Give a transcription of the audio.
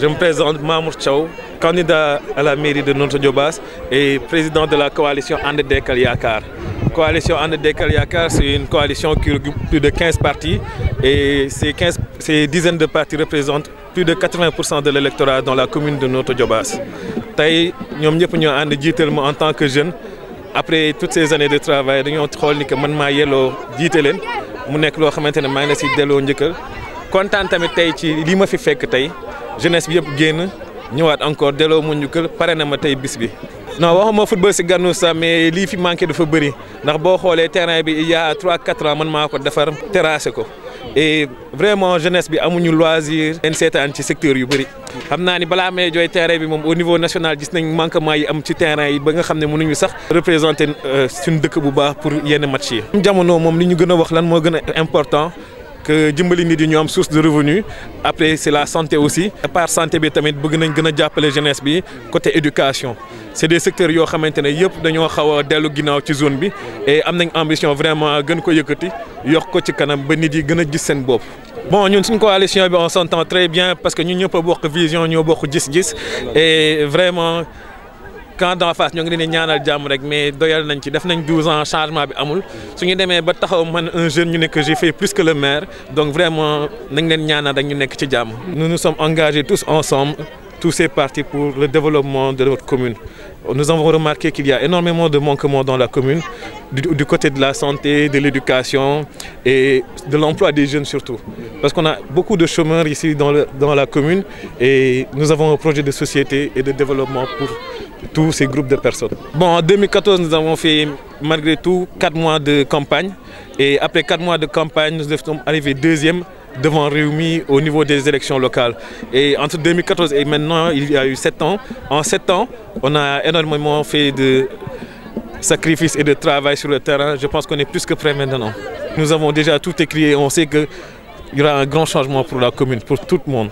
Je me présente Mamour Tchao, candidat à la mairie de Nonto Diobas et président de la coalition Ande Dekal Yakar. Coalition Ande Dekal Yakar, c'est une coalition qui regroupe plus de 15 partis et ces, 15, ces dizaines de partis représentent plus de 80% de l'électorat dans la commune de Nonto Diobas. Taï, nous sommes tous en tant que jeunes. Après toutes ces années de travail, nous avons trouvé que nous sommes en train de nous faire des choses. Nous sommes en train de nous faire des jeunesse bi yëpp génn ñëwaat encore delloo mu njukkal pare na ma tey bis bi. non waxuma football si gànnu sax mais lii fi manqué dafa bëri ndax boo xoolee terrain bi il y a 3 man maa ko defar terrassé ko. et vraiment jeunesse bi amuñu loisir. leen seetaan ci secteur yu bëri. xam naa ni balaa may jooy terrain bi moom au niveau national gis nañ manquement yi am ci terrain yi ba nga xam ne mënuñu sax. représenter euh, suñu dëkk bu baax pour yenn match yi. jamono moom li ñu gën a wax lan moo gën a important. jëmbali nit ñu am source de revenu après c'est la santé aussi par santé bi tamit bëgg nañ gën a jàppale jeunesse bi côté éducation c'est des secteurs yoo xamante ne yëpp dañoo xaw dellu ginnaaw ci zone bi et am nañ ambition vraiment gën ko yëkkati yokk ko ci kanam ba nit yi gën gis seen bopp. bon ñun suñ coalition bi on s'entend très bien parce que ñun ñëpp a bokk vision ñoo bokk gis-gis et vraiment. camp d'en face ñoo ngi leen di ñaanal jàmm rek mais doyal nañ ci def nañ 12 ans changement bi amul su ñu demee ba taxaw man un jeune ñu ne que j'ai fait plus que le maire donc vraiment nañ leen ñaanal rek ñu nekk ci jàmm. nous nous sommes engagés tous ensemble. tous ces partis pour le développement de notre commune. Nous avons remarqué qu'il y a énormément de manquements dans la commune, du, côté de la santé, de l'éducation et de l'emploi des jeunes surtout. Parce qu'on a beaucoup de chômeurs ici dans, le, dans la commune projet de société développement pour tous ces groupes de personnes. Bon, en 2014, nous avons fait malgré tout 4 mois de campagne. Et après 4 mois de campagne, nous sommes arrivés deuxième devant Réumi au niveau des élections locales. Et entre 2014 et maintenant, il y a eu 7 ans. En 7 ans, on a énormément fait de sacrifices et de travail sur le terrain. Je pense qu'on est plus que prêt maintenant. Nous avons déjà tout écrit et on sait qu'il y aura un grand changement pour la commune, pour tout le monde.